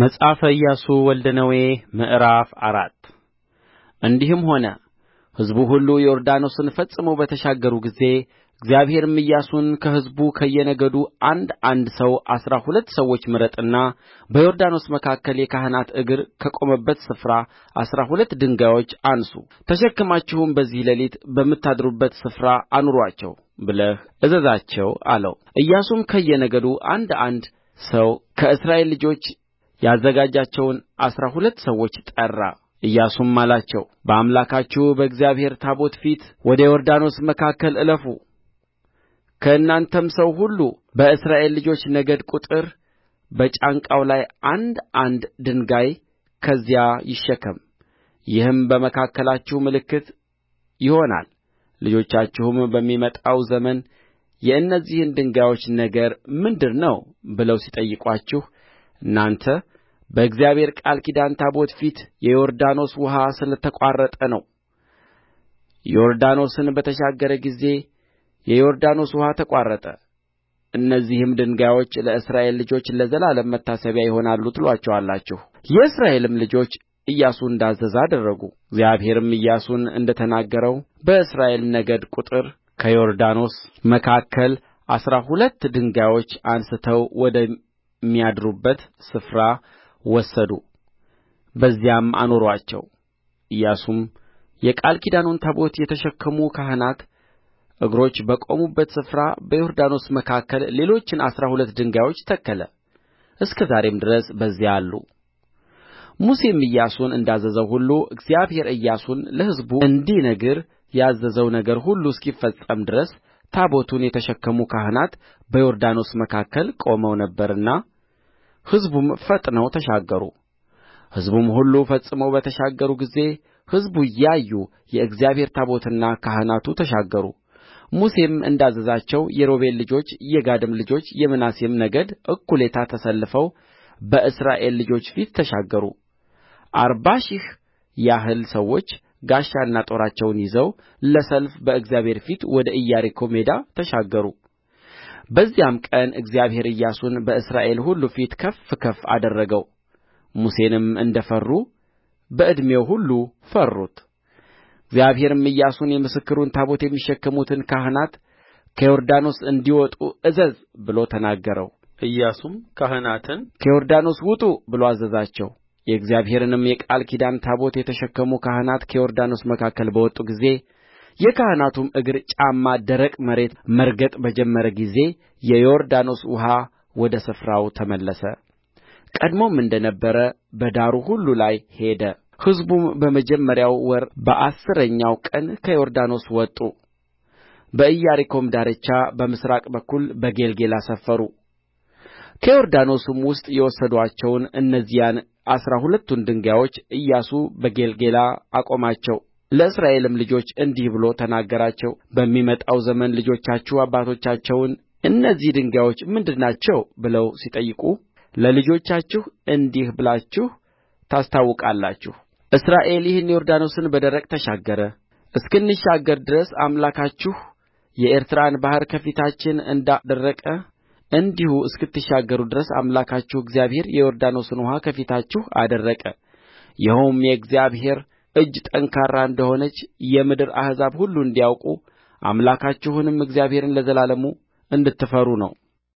መጽሐፈ ኢያሱ ወልደ ነዌ ምዕራፍ አራት እንዲህም ሆነ ሕዝቡ ሁሉ ዮርዳኖስን ፈጽመው በተሻገሩ ጊዜ እግዚአብሔርም ኢያሱን ከሕዝቡ ከየነገዱ አንድ አንድ ሰው አሥራ ሁለት ሰዎች ምረጥና በዮርዳኖስ መካከል የካህናት እግር ከቆመበት ስፍራ አሥራ ሁለት ድንጋዮች አንሡ ተሸክማችሁም በዚህ ሌሊት በምታድሩበት ስፍራ አኑሩአቸው ብለህ እዘዛቸው አለው። ኢያሱም ከየነገዱ አንድ አንድ ሰው ከእስራኤል ልጆች ያዘጋጃቸውን አሥራ ሁለት ሰዎች ጠራ ኢያሱም አላቸው በአምላካችሁ በእግዚአብሔር ታቦት ፊት ወደ ዮርዳኖስ መካከል እለፉ ከእናንተም ሰው ሁሉ በእስራኤል ልጆች ነገድ ቍጥር በጫንቃው ላይ አንድ አንድ ድንጋይ ከዚያ ይሸከም ይህም በመካከላችሁ ምልክት ይሆናል ልጆቻችሁም በሚመጣው ዘመን የእነዚህን ድንጋዮች ነገር ምንድር ነው ብለው ሲጠይቁአችሁ እናንተ በእግዚአብሔር ቃል ኪዳን ታቦት ፊት የዮርዳኖስ ውኃ ስለተቋረጠ ነው ዮርዳኖስን በተሻገረ ጊዜ የዮርዳኖስ ውኃ ተቋረጠ እነዚህም ድንጋዮች ለእስራኤል ልጆች ለዘላለም መታሰቢያ ይሆናሉ ትሉአቸዋላችሁ የእስራኤልም ልጆች ኢያሱ እንዳዘዘ አደረጉ እግዚአብሔርም ኢያሱን እንደ ተናገረው በእስራኤል ነገድ ቍጥር ከዮርዳኖስ መካከል አሥራ ሁለት ድንጋዮች አንሥተው ወደ የሚያድሩበት ስፍራ ወሰዱ በዚያም አኖሩአቸው ኢያሱም የቃል ኪዳኑን ታቦት የተሸከሙ ካህናት እግሮች በቆሙበት ስፍራ በዮርዳኖስ መካከል ሌሎችን አሥራ ሁለት ድንጋዮች ተከለ እስከ ዛሬም ድረስ በዚያ አሉ ሙሴም ኢያሱን እንዳዘዘው ሁሉ እግዚአብሔር ኢያሱን ለሕዝቡ እንዲነግር ያዘዘው ነገር ሁሉ እስኪፈጸም ድረስ ታቦቱን የተሸከሙ ካህናት በዮርዳኖስ መካከል ቆመው ነበርና ሕዝቡም ፈጥነው ተሻገሩ ሕዝቡም ሁሉ ፈጽመው በተሻገሩ ጊዜ ሕዝቡ እያዩ የእግዚአብሔር ታቦትና ካህናቱ ተሻገሩ ሙሴም እንዳዘዛቸው የሮቤል ልጆች የጋድም ልጆች የምናሴም ነገድ እኩሌታ ተሰልፈው በእስራኤል ልጆች ፊት ተሻገሩ አርባ ሺህ ያህል ሰዎች ጋሻና ጦራቸውን ይዘው ለሰልፍ በእግዚአብሔር ፊት ወደ ኢያሪኮ ሜዳ ተሻገሩ በዚያም ቀን እግዚአብሔር ኢያሱን በእስራኤል ሁሉ ፊት ከፍ ከፍ አደረገው ሙሴንም እንደ ፈሩ በዕድሜው ሁሉ ፈሩት እግዚአብሔርም ኢያሱን የምስክሩን ታቦት የሚሸከሙትን ካህናት ከዮርዳኖስ እንዲወጡ እዘዝ ብሎ ተናገረው ኢያሱም ካህናትን ከዮርዳኖስ ውጡ ብሎ አዘዛቸው የእግዚአብሔርንም የቃል ኪዳን ታቦት የተሸከሙ ካህናት ከዮርዳኖስ መካከል በወጡ ጊዜ የካህናቱም እግር ጫማ ደረቅ መሬት መርገጥ በጀመረ ጊዜ የዮርዳኖስ ውኃ ወደ ስፍራው ተመለሰ፣ ቀድሞም እንደ ነበረ በዳሩ ሁሉ ላይ ሄደ። ሕዝቡም በመጀመሪያው ወር በአሥረኛው ቀን ከዮርዳኖስ ወጡ፣ በኢያሪኮም ዳርቻ በምሥራቅ በኩል በጌልገላ ሰፈሩ። ከዮርዳኖስም ውስጥ የወሰዱአቸውን እነዚያን አሥራ ሁለቱን ድንጋዮች ኢያሱ በጌልገላ አቆማቸው ለእስራኤልም ልጆች እንዲህ ብሎ ተናገራቸው በሚመጣው ዘመን ልጆቻችሁ አባቶቻቸውን እነዚህ ድንጋዮች ምንድር ናቸው ብለው ሲጠይቁ ለልጆቻችሁ እንዲህ ብላችሁ ታስታውቃላችሁ እስራኤል ይህን ዮርዳኖስን በደረቅ ተሻገረ እስክንሻገር ድረስ አምላካችሁ የኤርትራን ባሕር ከፊታችን እንዳደረቀ እንዲሁ እስክትሻገሩ ድረስ አምላካችሁ እግዚአብሔር የዮርዳኖስን ውኃ ከፊታችሁ አደረቀ ይኸውም የእግዚአብሔር እጅ ጠንካራ እንደ ሆነች የምድር አሕዛብ ሁሉ እንዲያውቁ አምላካችሁንም እግዚአብሔርን ለዘላለሙ እንድትፈሩ ነው